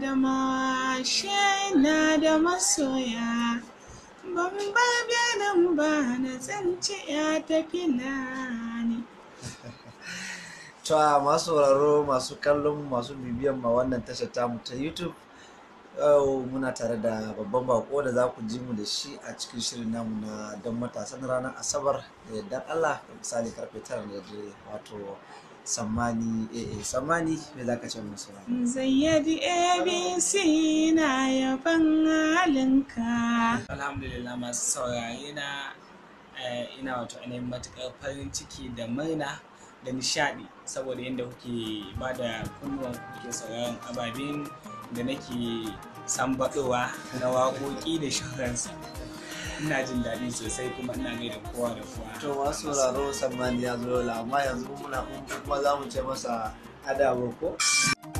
adamawa she na da masoya ban ba nan ba na zance ya tafi na ne to masu sauraro masu kallon masu bibiyan ma wannan tashar tamu ta youtube yau muna tare da babban bako da za ku ji mu da shi a cikin shirin namu na don matasan ranar asabar da yadda allah da misali karfe tara da dare wato sammani eh, eh sammani me za ka ce mu suna zayyadi abc na yaban halinka alhamdulillah masu saurayi na eh, ina wato ainihin matukar farin ciki da maina da nishaɗi saboda yadda kuke ba da kunnuwan kuke sauraron ababen da nake sambaɗowa na waƙoƙi da shahararsa, ina jin daɗi sosai kuma ina da kowa da kowa to masu sauraro samman ya zo amma yanzu muna kuma za mu ce masa adabo ko